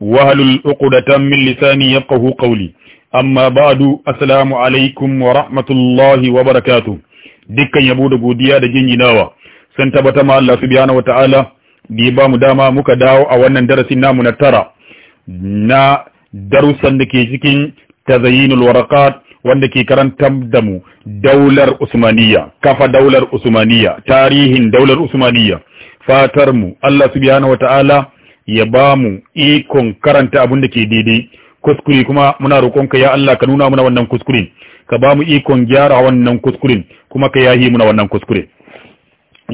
wahalul tamin min lisani yafqahu qawli amma ba'du assalamu alaikum wa rahmatullahi wa barakatu dukkan yabo da godiya da jinjinawa san tabbata ma Allah subhanahu wa ta'ala da ba dama muka dawo a wannan darasin namu na tara na darussan da ke cikin tazayinul waraqat wanda ke karantar da mu daular usmaniyya kafa daular usmaniyya tarihin daular usmaniyya fatar mu Allah subhanahu wa ta'ala ya ba mu ikon karanta abin da ke daidai kuskure kuma muna roƙonka ya Allah ka nuna muna wannan kuskure ka ba mu ikon gyara wannan kuskure kuma ka yahi muna wannan kuskure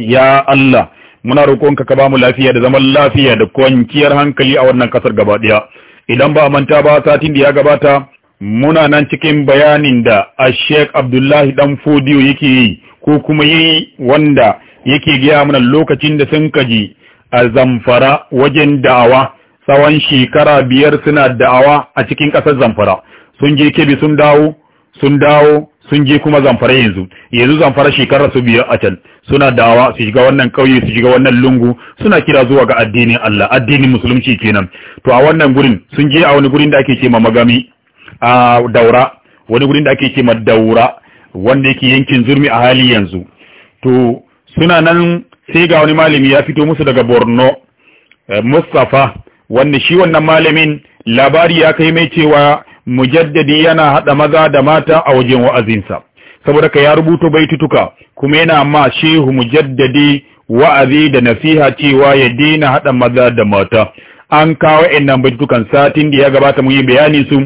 ya Allah muna roƙonka ka ba mu lafiya da zaman lafiya da kwanciyar hankali a wannan kasar gaba ɗaya idan ba manta ba satin da ya gabata muna nan cikin bayanin da a Abdullahi dan Fodiyo yake yi ko kuma yi wanda yake gaya mana lokacin da sun kaji a zamfara wajen da'awa tsawon shekara biyar suna da'awa a cikin ƙasar zamfara sun je kebi sun dawo sun dawo sun je kuma zamfara yanzu yanzu zamfara shekarar su biyar a can suna dawa su shiga wannan ƙauye su shiga wannan lungu suna kira zuwa ga addinin Allah addinin musulunci kenan to a wannan gurin sun je a wani gurin da ake ce ma magami a daura wani gurin da ake ce ma daura wanda yake yankin zurmi a hali yanzu to suna nan sai ga wani malami ya fito musu daga borno eh, mustapha wanda shi wannan malamin labari ya kai mai cewa mujaddadi yana hada maza da mata a wajen wa'azinsa saboda ka ya rubuto baitutuka kuma yana ma shehu mujaddadi wa'azi da nasiha cewa ya daina hada maza da mata an kawo innan baitukan satin da ya gabata mu yi bayanin su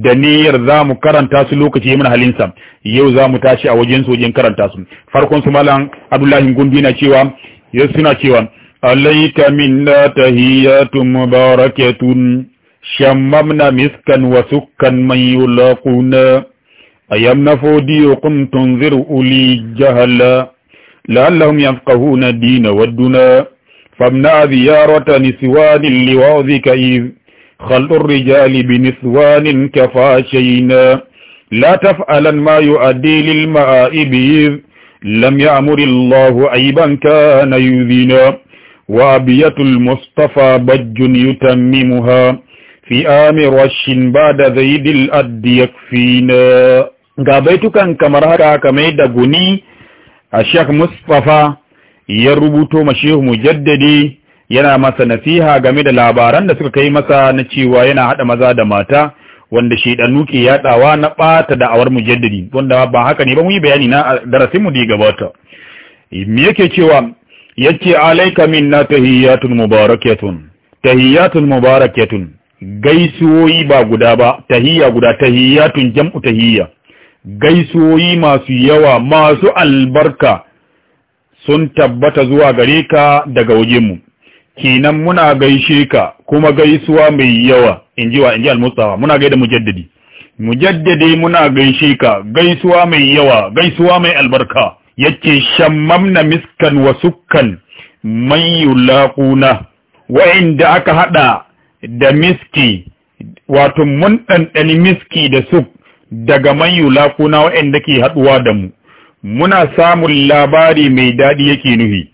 da niyyar za mu karanta su lokaci mun sa yau za mu tashi a wajen su wajen karanta su farkon su malam abdullahi gundi na cewa ya suna cewa alaika minna tahiyatu mubarakatun shammamna miskan wa sukkan man yulaquna ayamna fodiyokum tunziru uli jahala la'allahum yafqahuna dina wadduna يا رت نسوان لوعظك إذ خلط الرجال بنسوان كفى شينا لا تفعلن ما يؤدي للمآئب إذ لم يأمر الله عيبا كان يذنا وأبية المصطفى بج يتممها في آمر الشن بعد زيد الأد يكفينا قابيتك كما رهك كميدا يدقني الشيخ مصطفى ya rubuto ma shehu mujaddadi yana masa nasiha game da labaran da suka kai masa na cewa yana haɗa maza da mata wanda shaidannu ke yadawa na bata da'awar mujaddadi wanda ba haka ne ba mu yi bayani na darasin mu da gabata me yake cewa yace alayka minna tahiyatun mubarakatun tahiyatun mubarakatun gaisuwoyi ba guda ba tahiyya guda tahiyatun jam'u tahiyya gaisuwoyi masu yawa masu albarka sun tabbata zuwa gare ka daga wajenmu kinan muna gaishe ka kuma gaisuwa mai yawa inji wa inji al muna gaida mujaddadi mujaddadi muna gaishe ka gaisuwa mai yawa gaisuwa mai albarka yake shammamna miskan wa sukkan man yulaquna wa'inda aka haɗa da miski wato mun ɗanɗani miski da suk daga man yulaquna wa'inda ke haɗuwa da mu muna samun labari mai daɗi yake nuhi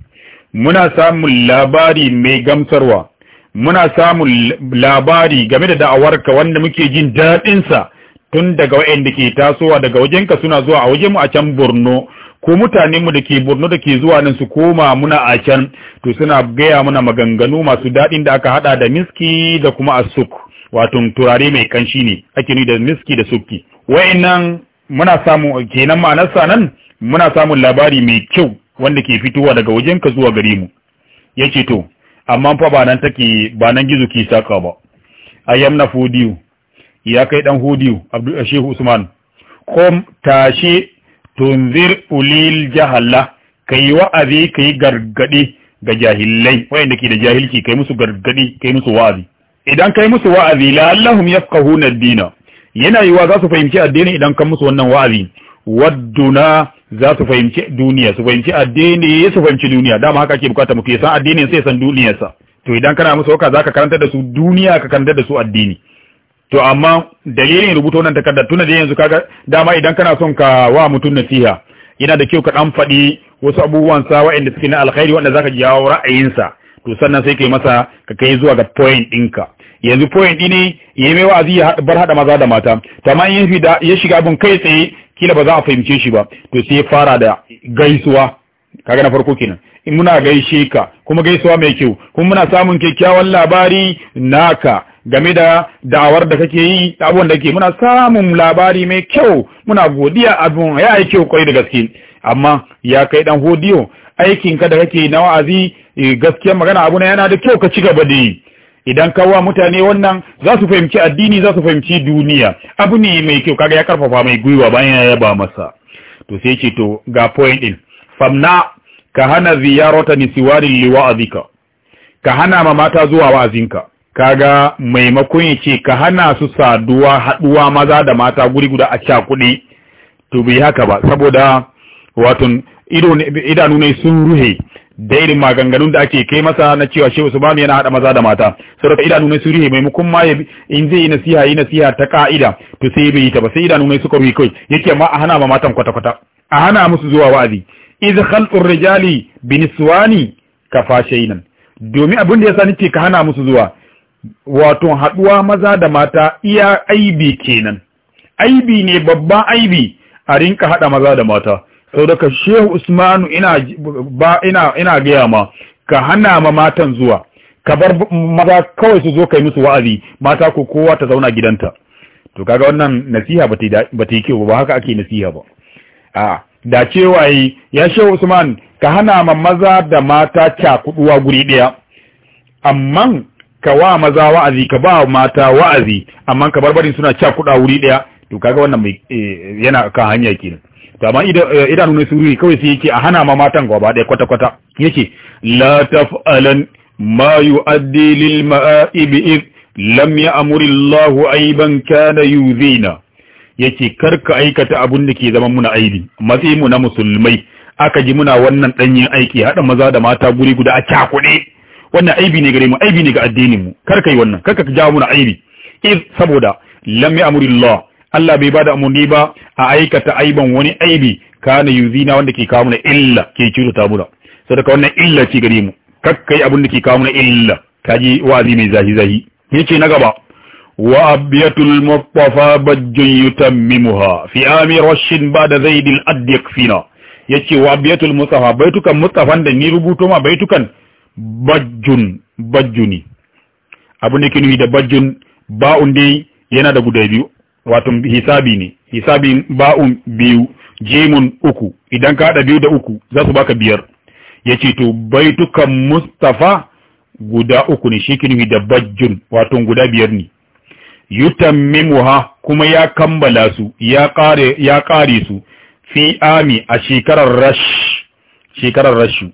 muna samun labari mai gamsarwa muna samun labari game da da'awarka wanda muke jin daɗinsa tun daga wa'inda ke tasowa daga wajenka suna zuwa a wajenmu a can Borno ko mutanenmu da ke Borno da ke zuwa nan su koma muna a can to suna gaya muna maganganu masu daɗin da aka haɗa da miski da kuma asuk wato turare mai kanshi ne ake ni da miski da wa'in nan muna samu kenan ma'anarsa nan muna samun labari mai kyau wanda ke fitowa daga wajenka zuwa gare mu ya ce to amma fa ba nan take ba nan gizo ke saka ba ayyam na fodiyo ya kai dan hodiyo abdul eh, shehu usman kom tashi tunzir ulil jahalla kai wa'azi kai gargade ga jahilai wayanda ke da jahilci kai musu gargade kai musu wa'azi idan kai musu wa'azi allahum yafqahuna ad-dina yana yiwa za su fahimci addini idan kan musu wannan wa'azi wadduna za su fahimci duniya su fahimci addini su fahimci duniya dama haka ake bukata mutu ya san addinin sai san duniyarsa to idan kana musu za zaka karanta da su duniya ka karanta da su addini to amma dalilin rubuta wannan takardar tuna da yanzu kaga dama idan kana son ka wa mutum nasiha yana da kyau ka dan faɗi wasu abubuwan sa waɗanda suke na alkhairi wanda zaka jawo ra'ayinsa to sannan sai kai masa ka kai zuwa ga point ɗinka yanzu point ɗi ne ya yi mai wa'azi ya bar hada maza da mata to amma in ya shiga abin kai tsaye kila ba za a fahimce shi ba to sai ya fara da gaisuwa kaga na farko kenan in muna gaishe ka kuma gaisuwa mai kyau kuma muna samun kyakkyawan labari naka game da da'awar da kake yi abubuwan da ke muna samun labari mai kyau muna godiya abun ya yi kyau kwai da gaske amma ya kai dan hodiyo aikin ka da kake na wa'azi eh, gaskiyar magana abu na yana da kyau ka ci gaba da yi idan kawa mutane wannan za su fahimci addini za su fahimci duniya abu ne mai kyau kaga ya karfafa mai gwiwa bayan ya yaba masa to sai ce to ga point din famna ka hana ziyarata nisiwarin liwa'azika ka hana ma mata zuwa wa'azinka kaga maimakon ya ce ka hana su saduwa haduwa maza da mata guri guda a kudi to bai haka ba saboda wato idanu ne sun ruhe dairin maganganun da ake kai masa na cewa shehu subhanu yana hada maza da mata saboda idanu mai surihi maimakon ma in zai yi nasiha yi nasiha ta ka'ida to sai bai yi ta ba sai idanu mai suka rikoi yake ma a hana ma matan kwata kwata a hana musu zuwa wa'azi iz khalqur rijali biniswani ka shaynan domin abin da yasa nake ka hana musu zuwa wato haduwa maza da mata iya aibi kenan aibi ne babban aibi a rinka haɗa maza da mata sau daga shehu usmanu ina gaya ma ka hana ma matan zuwa ka bar maza kawai su zo kai musu wa'azi mata ko kowa ta zauna gidanta to kaga wannan nasiha ba ta yi kyau ba haka ake nasiha ba a da cewa yi ya shehu usman ka hana ma maza da mata cakuduwa guri ɗaya amman ka wa maza wa'azi ka ba mata wa'azi amman ka barbarin suna cakuɗa wuri ɗaya to kaga wannan eh, yana kan hanya kenan to amma eh, idanu na sururi kawai sai yake a hana ma matan gaba ɗaya kwata-kwata yake la taf'alan ma yu'addi lil ma'aibi id lam ya'muri Allahu aiban kana yuzina yake karka aikata abun da ke zama muna aibi matsi mu na musulmai aka ji muna wannan danyen aiki hada maza da mata guri guda a cakuɗe wannan aibi ne gare mu aibi ne ga addinin mu karka yi wannan karka jawo muna aibi saboda lam ya'muri Allah Allah bai bada umarni ba a aikata aiban wani aibi kana yuzina wanda ke kawo mana illa ke cuta muna ka wannan illa ce gare mu kakkai abin da ke kawo mana illa kaji wa'azi mai zahi zahi yace na gaba wa abiyatul mustafa bajjun yutammimuha fi ami rashin ba'da zaid al ad yakfina yace wa abiyatul mustafa baitukan mustafan da ni rubuto ma baitukan bajjun bajjuni abin da ke nuni da bajjun ba'un dai yana da guda biyu wato hisabi ne hisabi ba'un biyu jimun uku idan ka haɗa biyu da uku za su baka biyar ya ce to baitukan mustafa guda uku ne shi kinwi da bajjun wato guda biyar ne yutammimuha kuma ya kammala su ya kare ya kare su fi ami a shekarar rash shekarar rashu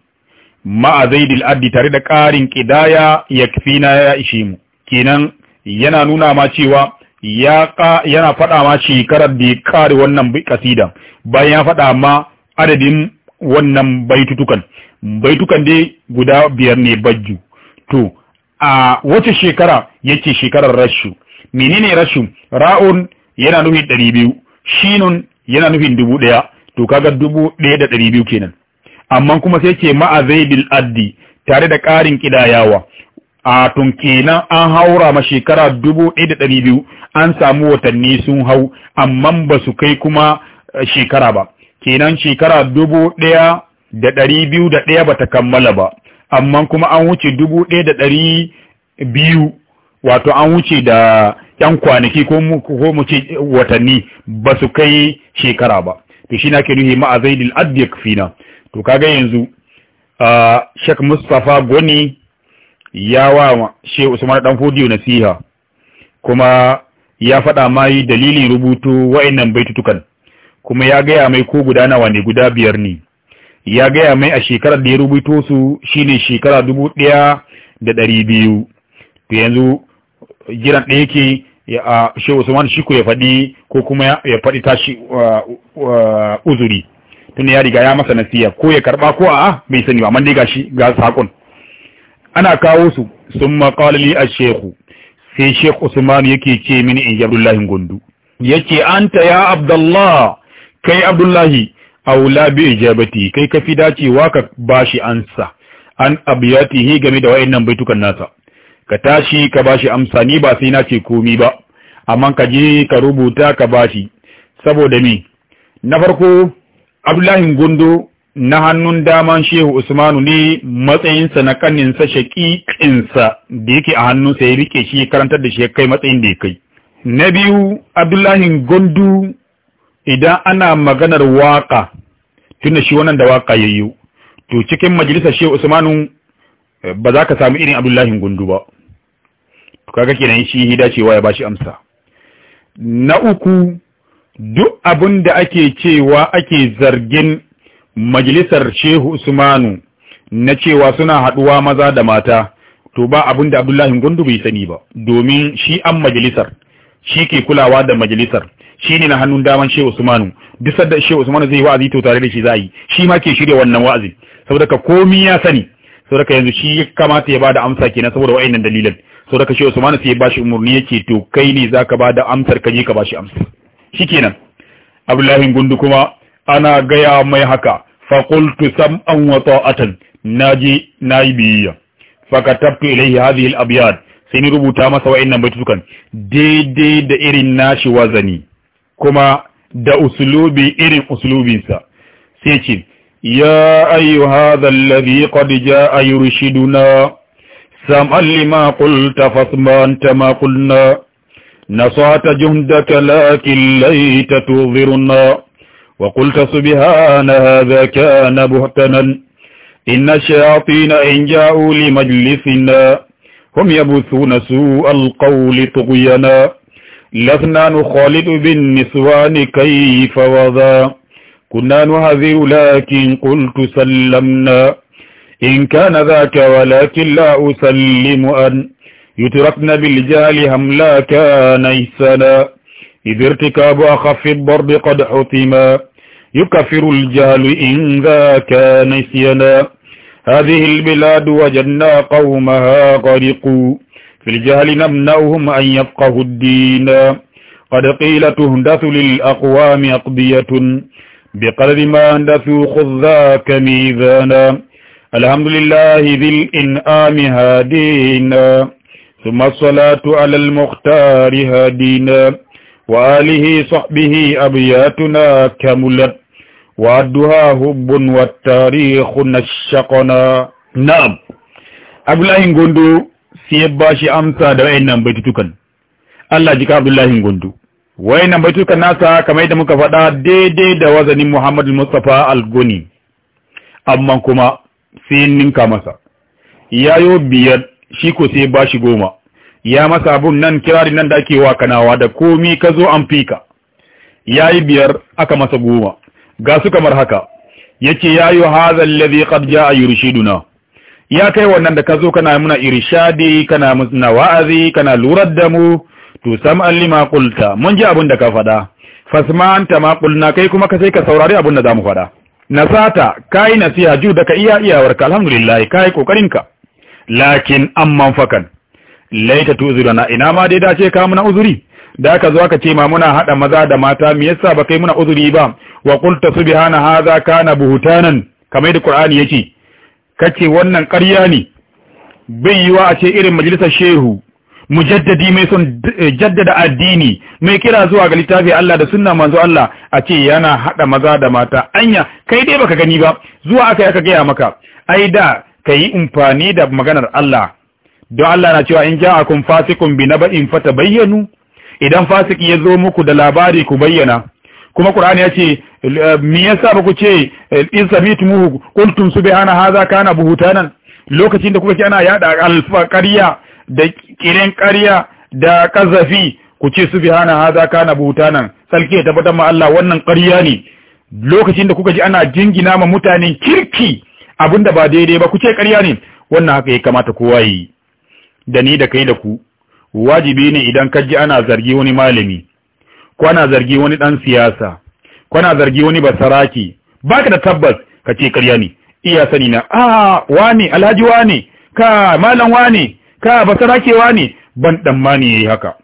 ma'a zaidil addi tare da ƙarin ƙidaya ya na ya ishe mu kenan yana nuna ma cewa ya yana faɗa ma shekarar da ya kare wannan kasidan bayan ya faɗa ma adadin wannan baitutukan baitukan dai guda biyar ne bajju to a wace shekara yake shekarar rashu menene rashu ra'un yana nufin ɗari biyu shinun yana nufin dubu ɗaya to kaga dubu ɗaya da ɗari biyu kenan amma kuma sai ke ma'a bil'addi addi tare da ƙarin ƙidayawa a tun kenan an haura ma shekara dubu ɗaya da ɗari biyu an samu watanni sun hau amma ba su kai kuma eh, shekara ba kenan shekara dubu ɗaya da ɗari biyu da ɗaya ba ta kammala ba amma kuma an wuce dubu ɗaya da ɗari biyu wato an wuce da ‘yan kwanaki ko mu ce eh, watanni ba su kai shekara ba to shi na ke nuhi ma'azaidil adyak fina to kaga yanzu ah, shek mustapha gwani ya wa Shehu Usman dan Fodiyo nasiha kuma ya faɗa mai dalilin rubutu wa'annan baitutukan kuma ya gaya mai ko guda nawa ne guda biyar ne ya gaya mai a shekarar da ya rubuto su shine shekara dubu da ɗari to yanzu jiran ɗaya ke a shehu usman ko ya fadi ko kuma ya fadi tashi uzuri tun ya riga ya masa nasiha ko ya karba ko a'a bai sani ba amma dai gashi ga sakon ana kawo su sun maƙalali a shehu sai shekhu usman yake ce mini in abdullahi gundu yake ta ya abdullah kai abdullahi a wula bi ijabati kai ka kafi dacewa ka bashi ansa an hi game da bai baitukan nasa ka tashi ka bashi amsa ni ba sai na ce komi ba amma ka je ka rubuta ka bashi saboda mi na farko abdullahi Gundu. na hannun daman shehu usmanu ne matsayinsa na kaninsa shaƙiƙinsa da yake a hannunsa ya rike shi karantar da shi ya kai matsayin da ya kai na biyu abdullahi gondu idan ana maganar waƙa tunda shi wannan da waƙa ya yi. to cikin majalisar shehu usmanu eh, ba za ka sami irin abdullahi gundu ba To kaga kenan shi hida cewa ya bashi amsa na uku duk abin da ake cewa ake zargin majalisar shehu usmanu na cewa suna haɗuwa maza da mata to ba abin abdullahi gundu bai sani ba domin shi an majalisar shi ke kulawa da majalisar shi ne na hannun daman shehu usmanu duk sadda shehu usmanu zai wa'azi to tare da shi zai shi ma ke shirya wannan wa'azi saboda ka komi ya sani saboda ka yanzu shi kamata ya bada amsa kenan saboda wa'annan dalilan saboda ka shehu usmanu sai ya bashi umurni yake to kai ne zaka bada amsar ka je ka bashi amsa shikenan abdullahi gundu kuma ana gaya mai haka فقلت سمعا وطاعة ناجي نايبي فكتبت إليه هذه الأبيات سنربو تاما سواء نبتتوكا دي دي دي دئري ناش وزني كما دا أسلوبي إرن أسلوبي سا سيتشين يا أي هذا الذي قد جاء يرشدنا سمعا لما قلت فاسمع أنت ما قلنا نصعت جهدك لكن ليت تغذرنا وقلت سبحان هذا كان بهتنا إن الشياطين إن جاءوا لمجلسنا هم يبثون سوء القول طغينا لسنا نخالد بالنسوان كيف وذا كنا نهذر لكن قلت سلمنا إن كان ذاك ولكن لا أسلم أن يتركن بالجهل هم لا كان إحسنا إذ ارتكاب أخف الضرب قد حطما يكفر الجهل إن ذاك نسينا هذه البلاد وجدنا قومها غرقوا في الجهل نمنعهم أن يفقهوا الدين قد قيل تهدث للأقوام أقضية بقدر ما أندثوا خذ ذاك ميزانا الحمد لله ذي الإنعام هادينا ثم الصلاة على المختار هادينا وآله صحبه أبياتنا كملت وعدها هب والتاريخ نشقنا نعم Abdullahi Gondo sai ya ba shi amsa da wayannan baitutukan. Allah jika Abdullahi Gondo. Wayannan baitutukan nasa kamar yadda muka faɗa daidai da wazanin Muhammadu Mustapha Algoni. Amma kuma sai ninka masa. Yayo biyar shi ko sai ba goma. ya masa abun nan kirarin nan da ake wa kanawa da komi ka zo an fika yi biyar aka masa goma ga su kamar haka Ya ce ya yi hazan lafi qad a yurshiduna ya kai wannan da ka zo kana muna irshadi kana na wa'azi kana lurar da mu to sam'an lima mun ji abun da ka faɗa fasman ta ma kai kuma ka sai ka saurari abin da za zamu faɗa nasata yi nasiha ju da ka iya iyawarka alhamdulillah kai ka lakin amman fakan laita na. ina ma dai dace ka muna uzuri da ka zo ka ce ma muna hada maza da mata me yasa ba kai muna uzuri ba wa qulta subhana hadha kana buhutanan kamar da qur'ani yake kace wannan ƙarya ne bai yiwa a ce irin majalisar shehu mujaddadi mai son eh, jaddada addini mai kira zuwa ga littafi Allah da sunna manzo Allah a ce yana hada maza da mata anya kai dai baka gani ba zuwa aka aka gaya maka ai da kai umfani da maganar Allah don Allah na cewa in ja'akum fasikun bi fata fatabayyanu idan fasiki ya zo muku da labari ku bayyana kuma Qur'ani ya ce me yasa ba ku ce in samitumuhu kuntum subhana hadha kana buhutanan lokacin da kuka ce ana yada alfaqariya da kiren ƙarya da kazafi ku ce subhana hadha kana buhutanan salke ya tabbatar ma Allah wannan ƙarya ne lokacin da kuka ji ana jingina ma mutanen kirki abinda ba daidai ba ku ce ƙarya ne wannan haka ya kamata kowa yi da ni da kai da ku wajibi ne idan ka ji ana zargi wani malami ko ana zargi wani dan siyasa ko ana zargi wani basaraki ka da tabbas ka ce karya ne iya sani na a wane alhaji wane ka malam wane ka basarake wane ban ya yi haka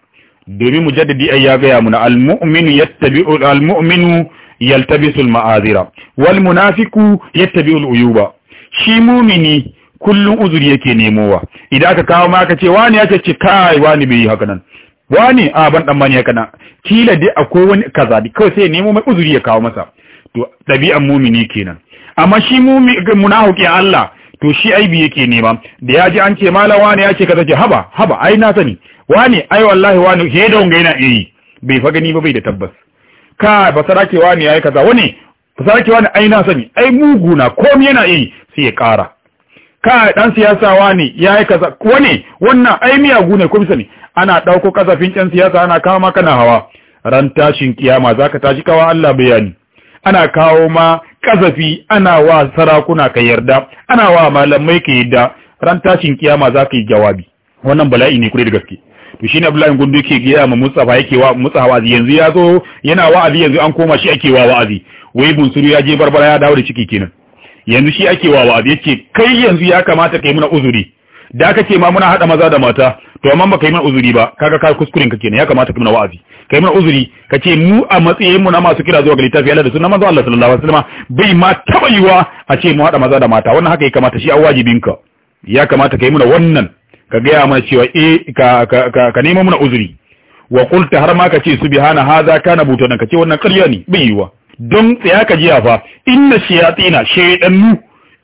domin mu jaddadi ai ya gaya muna almu'minu yattabi'u almu'minu yaltabisul ma'azira wal munafiku yattabi'ul aluyuba shi mumini kullum uzuri yake nemowa idan aka kawo ma aka ce wani ya ce kai wani bai yi haka nan wani a ban dan mani haka nan kila dai akwai wani kaza dai kawai sai ya nemo mai uzuri ya kawo masa to dabi'an mumini kenan amma shi munafiki Allah to shi aibi yake nema da ya an ce mala wani ya ce kaza ce haba haba ai na sani wani ai wallahi wani he da unga yana yi." bai fa gani ba bai da tabbas ka ba ke wani yayi kaza wani basara ke wani ai na sani ai muguna komai yana yi. sai ya kara ka dan siyasa wani yayi kaza wani wannan ai miyagu ne ko ne?" ana dauko kasafin ɗan siyasa ana kawo maka na hawa ran tashin kiyama zaka tashi kawa Allah bayani ana kawo ma kasafi ana wa sarakuna ka yarda ana wa malamai ka yarda ran tashin kiyama zaka yi jawabi wannan bala'i ne kure da gaske to shine Abdullahi Gundu yake gaya ma Mustafa yake wa Mustafa wa'azi yanzu ya zo yana wa'azi yanzu an koma shi ake wa wa'azi wai bunsuru ya je barbara ya dawo da ciki kenan yanzu shi ake wa wa'azi yace kai yanzu ya kamata kai muna uzuri da kace ce ma muna hada maza da mata to amma ba yi mana uzuri ba kaga ka kuskuren ka kenan ya kamata ka muna wa'azi kai mana uzuri ka ce mu a matsayin mu na masu kira zuwa ga littafi Allah da sunan manzo Allah sallallahu alaihi wasallam bai ma taba yiwa a ce mu hada maza da mata wannan haka ya kamata shi a wajibin ka ya kamata kai muna wannan ka ga mana cewa eh ka ka ka nemo muna uzuri wa qulta har ma ka ce subhana hadha kana butan ka ce wannan ƙarya ne bai yiwa don tsaya ka jiya fa inna shayatina shaydanu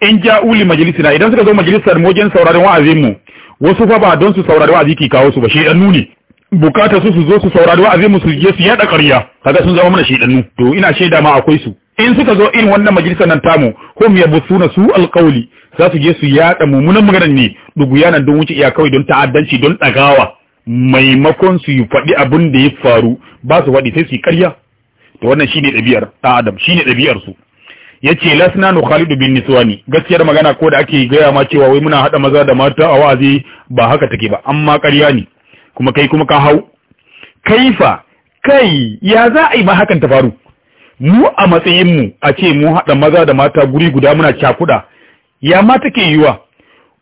in jauli li majlisina idan suka zo majalisar mu wajen sauraron wa'azin mu wasu fa ba don su saurari wa'azi ki kawo su ba shaydanu ne bukata su su zo su saurari wa'azin mu su je su yada ƙarya kaga sun zama mana shaydanu to ina shaida ma akwai su in suka zo in wannan majalisar nan tamu hum busuna su alqauli za su je su yada mummunan maganar ne duguya nan don wuce iya kawai don ta'addanci don dagawa maimakon su yi faɗi abin da ya faru ba su faɗi sai su yi ƙarya to wannan shine ɗabi'ar ɗan adam shine ɗabi'ar su yace lasna nu khalidu bin niswani gaskiyar magana ko da ake gaya ma cewa wai muna hada maza da mata a wa'azi ba haka take ba amma ƙarya ne kuma kai kuma ka hau kaifa kai ya za a yi ma hakan ta faru mu a matsayinmu a ce mu haɗa maza da mata guri guda muna cakuɗa ya ma take yiwa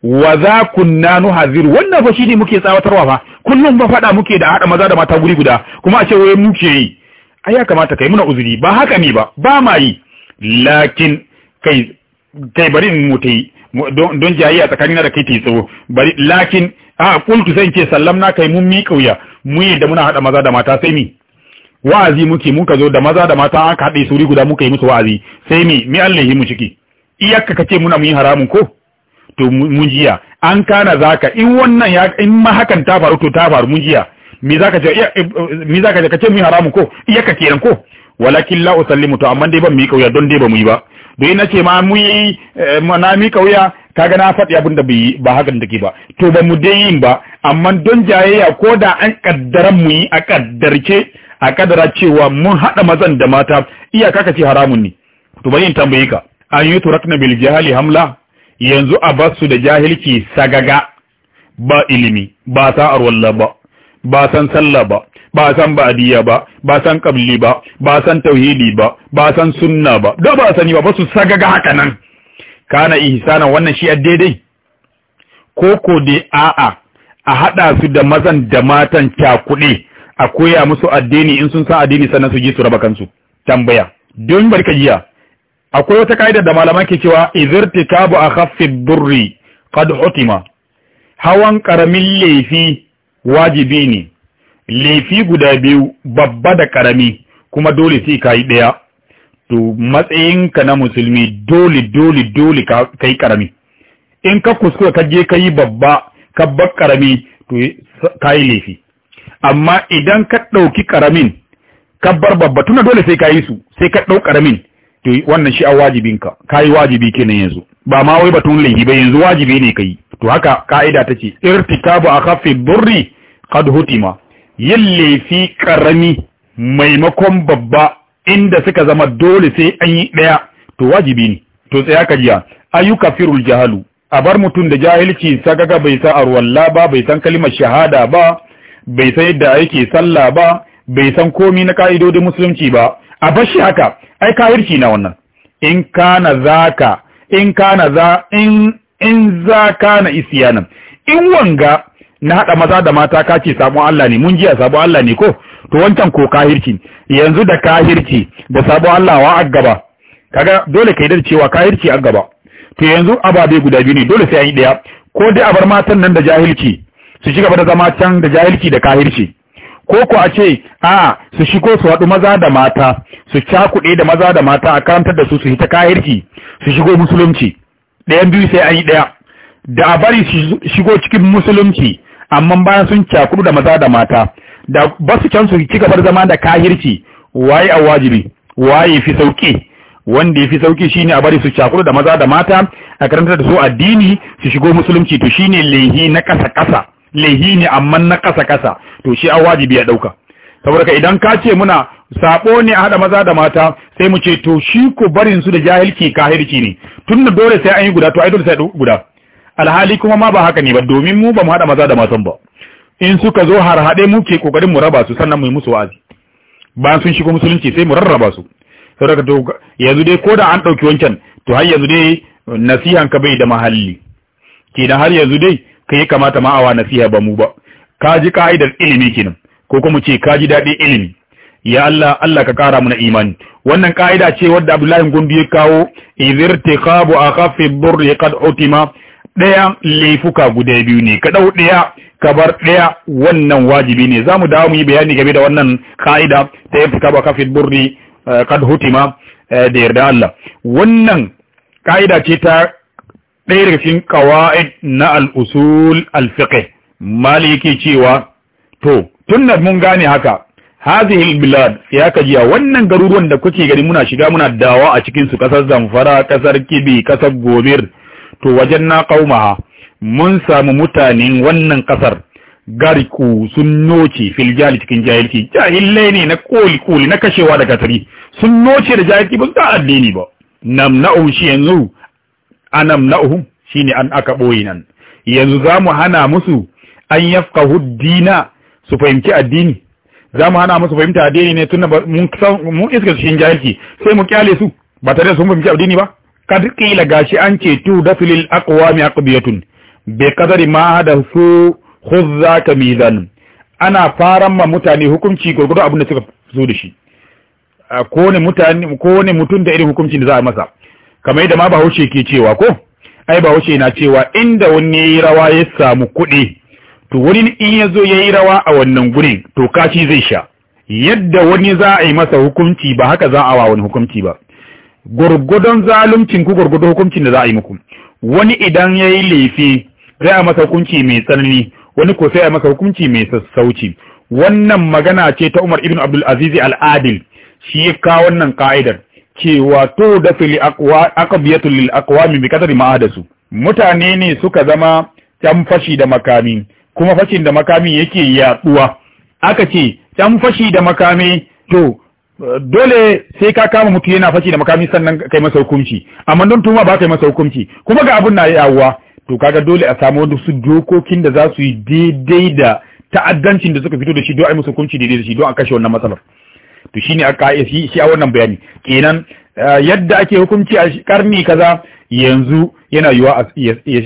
wa za kunna haziru. wannan fa shine muke tsawatarwa fa kullum ba faɗa muke da haɗa maza da mata guri guda kuma a ce wai muke yi ai ya kamata kai muna uzuri ba haka ne ba ba ma yi lakin kai kai bari in yi don jayi a tsakanin da kai ta yi tsawo bari lakin a kultu sai in sallam na kai mun miƙa wuya mu yi da muna haɗa maza da mata sai mi wa'azi muke muka zo da maza da mata aka haɗe suri guda muka yi musu wa'azi sai mi mi Allah yi mu ciki iyakka kace muna mu yi haramun ko to mun jiya an kana zaka in wannan ya in ma hakan ta faru to ta faru mun jiya me za eh, eh, ce ka ce kace mu haramu ko ka kenan ko walakin la usallimu to amma dai ban mi kauya don dai ba mu yi ba dai ce ma mu yi eh, na mi kauya kaga na faɗi abin da ba hakan take ba to ba mu dai yin ba amma don jayayya ko da an kaddara mu yi a kaddarce a kaddara cewa mun haɗa mazan da mata iyaka ka ce haramun ne to bari in tambaye ka an yi turakna bil jahali hamla yanzu a basu da jahilci sagaga ba ilimi ba sa'ar wallah ba ba san sallah ba ba san ba'adiyya ba ba san qabli ba ba san tauhidi ba ba san sunna ba da ba sani ba su sagaga haka nan kana ihsana wannan shi daidai ko ko dai a'a a hada su da mazan da matan cakuɗe a koya musu addini in sun san addini sannan su ji su raba kansu tambaya don barka jiya akwai wata ka'ida da malaman ke cewa izirtikabu a khaffi qad hutima hawan karamin laifi wajibi ne laifi guda biyu babba da karami kuma dole sai ka yi ɗaya to matsayinka na musulmi dole dole dole ka yi karami in ka kuskura ka je ka yi babba ka bar karami to ka yi laifi amma idan ka ɗauki karamin ka bar babba tuna dole sai ka yi su sai ka ɗau karamin to wannan shi a wajibinka ka yi wajibi kenan yanzu ba ma wai batun laifi ba yanzu wajibi ne ka yi to haka ka'ida Irtika irtikabu a durri qad hutima yin laifi karami maimakon babba inda suka zama dole sai an yi daya to wajibi ne to tsaya ka jiya ayyuka firul jahalu a bar mutum da jahilci sagaga bai san arwalla ba bai san kalimar shahada ba bai san yadda ake sallah ba bai san komi na ka'idodin musulunci ba a bar shi haka ai kafirci na wannan in kana zaka in kana za in in za ka na isiyanan in wanga na haɗa maza da mata ka ce sabon Allah ne mun jiya sabon Allah ne ko to wancan ko kahirci yanzu da kahirci da sabon Allah wa a gaba kaga dole ka yi cewa kahirci a gaba to yanzu ababe guda biyu ne dole sai an yi ɗaya ko dai a bar matan nan da jahilci su ci gaba da zama can da jahilci da kahirci ko ko a ce a su shigo su haɗu maza da mata su cakuɗe da maza da mata a karantar da su su hita kahirci su shigo musulunci ɗayan biyu sai an yi ɗaya da a bari shigo cikin musulunci amma bayan sun cakuru da maza da mata da ba su can su ci gabar zama da kahirci waye a wajibi waye fi sauki wanda ya fi sauki shine a bari su cakuru da maza da mata a karanta da su addini su shigo musulunci to shine lehi na kasa kasa lehi ne amma na kasa kasa to shi a wajibi ya dauka saboda idan ka ce muna sabo ne a hada maza da mata sai mu ce to shi ko barin su da jahilci kahirci ne tunda dole sai an yi guda to ai dole sai guda alhali kuma ma ba haka ne ba domin mu ba mu hada maza da matan ba in suka zo har hade ke kokarin mu raba su sannan mu yi musu wa'azi. ba sun shigo musulunci sai mu rarraba su saboda to yanzu dai koda an dauki wancan to har yanzu dai nasihan ka bai da mahalli kenan har yanzu dai kai kamata ma awa nasiha ba mu ba ka ji ka'idar ilimi kenan ko kuma ce ka ji daɗin ilimi ya Allah Allah ka kara mana imani wannan kaida ce wadda Abdullahi Gombe ya kawo izirtikabu tikhabu akhafi burri qad utima daya laifuka guda biyu ne ka dau daya ka bar daya wannan wajibi ne zamu dawo mu yi bayani game da wannan kaida ta tikhabu akhafi burri eh, qad hutima eh, da yarda Allah wannan kaida ce ta ɗaya daga cikin qawaid na al-usul al-fiqh maliki cewa to tun mun gane haka hadhihi albilad ya kajiya wannan garuruwan da kuke gari muna shiga muna dawa a cikin su kasar zamfara kasar kibi kasar gobir to wajen na kauma mun samu mutanen wannan kasar gariku sun noce fil jali cikin jahilci Jahilai ne na koli koli na kashewa da katari sun noce da jahilci ba ga addini ba nam na'u shi yanzu anam na'u shine an aka boye nan yanzu zamu hana musu an yafqahu dina su fahimci addini za mu hana musu fahimta addini ne tunda mun mun iska cikin jahilci sai mu kyale su ba tare da sun fahimci addini ba kad qila gashi an ce tu dasulil aqwami aqbiyatun bi qadari ma hada su khudza kamidan ana faran ma mutane hukunci gurgudu abin da suka zo da shi ko ne mutane ko ne mutun da irin hukuncin da za a masa kamar yadda ma Bahaushe ke cewa ko ai Bahaushe na cewa inda wani rawa ya samu kuɗi to wani in ya zo ya yi rawa a wannan gurin to kashi zai sha yadda wani za a yi masa hukunci ba haka za a wa wani hukunci ba gwargwadon zaluncin ku gwargwadon hukuncin da za a yi muku wani idan ya yi laifi sai a masa hukunci mai tsanani wani ko sai a masa hukunci mai sassauci wannan magana ce ta Umar ibn Abdul Aziz al-Adil shi ya kawo wannan ka'idar cewa to da fili aqwabiyatul lil aqwami bi kadri ma hadasu mutane ne suka zama can fashi da makami kuma fashin da makamin yake yaduwa aka ce can fashi da makami to dole sai ka kama mutu yana fashi da makami sannan kai masa hukunci amma don tuma ba kai masa hukunci kuma ga abun na yawuwa to kaga dole a samu su dokokin da za su yi daidai da ta'addancin da suka fito da shi don a yi musu hukunci daidai da shi don a kashe wannan matsalar to shine a shi shi a wannan bayani kenan eh, yadda ake hukunci a karni kaza yanzu yana yiwa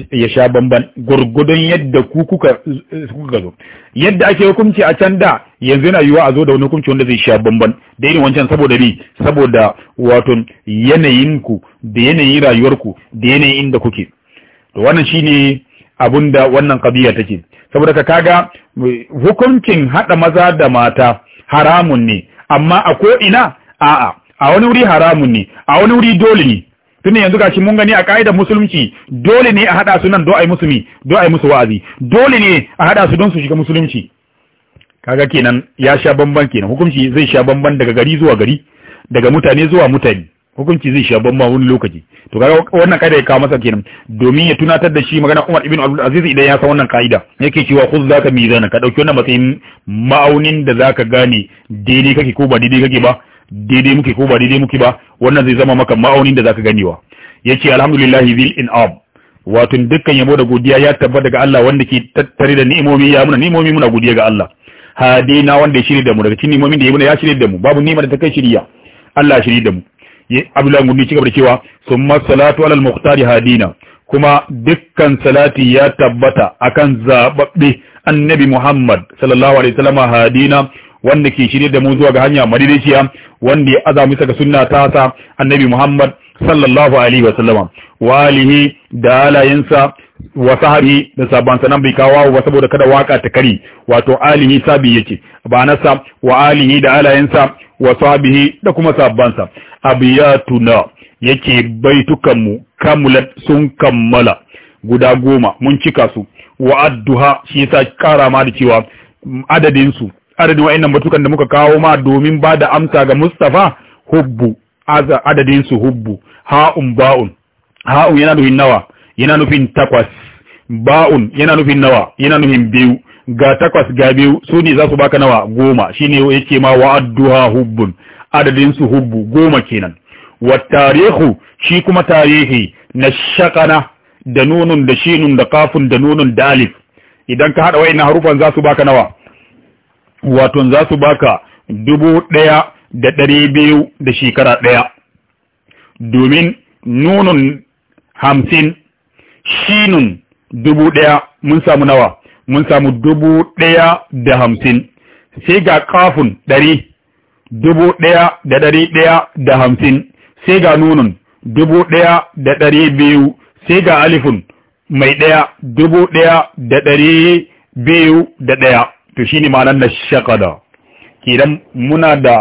ya sha bamban gurgudun yadda ku kuka zo yadda ake hukunci a can da yanzu yana yiwa a zo da wani hukunci wanda zai sha bamban da irin wancan saboda bi saboda wato yanayinku da yanayin rayuwarku da yanayin inda kuke to wannan shine abun da wannan kabiya take saboda ka kaga hukuncin hada maza da mata haramun ne amma a ko ina a'a a wani wuri haramun ne a wani wuri dole ne tunda yanzu gashi mun gani a ka'idar musulunci dole ne a hada su nan do ai musulmi do ai musu wa'azi dole ne a hada su don su shiga musulunci kaga kenan ya sha bamban kenan hukunci zai sha bamban daga gari zuwa gari daga mutane zuwa mutane hukunci zai sha bamban wani lokaci to kaga wannan kaida ya kawo masa kenan domin ya tunatar da shi magana Umar ibn Abdul Aziz idan ya san wannan kaida yake cewa khudh zaka mizana ka dauki wannan matsayin ma'aunin da zaka gane daidai kake ko ba daidai kake ba daidai muke ko ba daidai muke ba wannan zai zama maka ma'aunin da zaka ganewa yace alhamdulillahi zil in'am wato dukkan yabo da godiya ya tabbata daga Allah wanda ke tattare da ni'imomi ya muna ni'imomi muna godiya ga Allah hadina wanda ya shirye da mu daga cikin ni'imomin da ya muna ya shirye da mu babu ni'ima da ta kai shirya Allah shirye da mu Abdullahi Gundi gaba da cewa summa salatu alal muhtari hadina kuma dukkan salati ya tabbata akan zababbe annabi Muhammad sallallahu alaihi wasallam hadina wanda ke shirye da mu zuwa ga hanya madinaciya wanda ya azami saka sunna ta sa annabi Muhammad sallallahu alaihi wasallama wa alihi da alayensa wa sahabi da saban sanan bai kawo wa saboda kada waka ta kari wato alihi sabi yake ba nasa wa alihi da alayensa wa sahabihi da kuma sa abiyatuna yake baitukanmu kamulat sun kammala guda goma mun cika su wa adduha shi yasa kara ma da cewa adadin su adadin wa'annan batukan da muka kawo ma domin ba da amsa ga Mustafa hubbu adadin su hubbu ha'un ba'un ha'un yana nufin nawa yana nufin takwas ba'un yana nufin nawa yana nufin biyu ga takwas ga biyu su ne za su baka nawa goma shine yake ma wa'adduha hubbun adadin su hubbu goma kenan wa tarihu shi kuma tarihi na shakana da nunun da shinun da kafun da nunun da alif idan ka hada wa'annan harufan za su baka nawa wato za su baka dubu ɗaya da ɗari biyu da shekara ɗaya domin nunun hamsin shinun dubu ɗaya mun samu nawa mun samu dubu ɗaya da hamsin sai ga kafin ɗari dubu ɗaya da ɗari ɗaya da hamsin sai ga nunun dubu ɗaya da ɗari biyu sai ga alifin mai ɗaya dubu ɗaya da ɗari biyu da ɗaya to shi ne ma'anar na shakada kidan muna da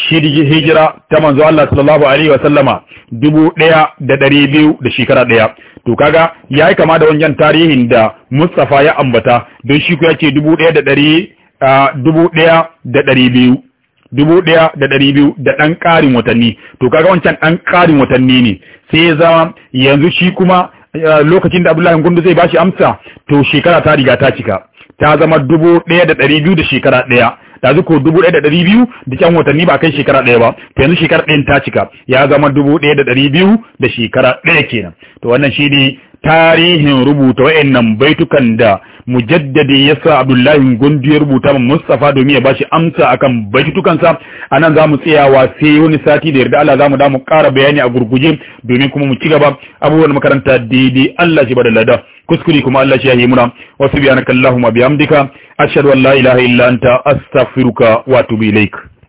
shirji hijira ta manzo Allah sallallahu alaihi wasallama dubu ɗaya da ɗari biyu da shekara ɗaya to kaga ya yi kama da wajen tarihin da Mustapha ya ambata don shi ku ya ce dubu ɗaya da ɗari ɗari biyu dubu ɗaya da ɗari biyu da ɗan ƙarin watanni to kaga wancan ɗan ƙarin watanni ne sai ya zama yanzu shi kuma lokacin da Abdullahi Gundu zai bashi amsa to shekara ta riga ta cika ta zama dubu ɗaya da ɗari biyu da shekara ɗaya ɗazu ko dubu ɗaya da ɗari biyu da kyan watanni ba kai shekara ɗaya ba ta yanzu shekara ɗayan ta cika ya zama dubu ɗaya da ɗari biyu da shekara ɗaya kenan to wannan shi ne tarihin rubuta wa'annan baitukan da mujaddadi sa abdullahi gundu ya rubuta ma mustafa domin ya bashi amsa akan baitukansa anan zamu tsayawa sai wani sati da yarda Allah zamu da mu ƙara bayani a gurguje domin kuma mu ci gaba abubuwan makaranta daidai Allah shi bada lada kuskure kuma Allah shi ya yi muna wa subhanakallahumma bihamdika ashhadu an la ilaha illa anta astaghfiruka wa atubu ilaik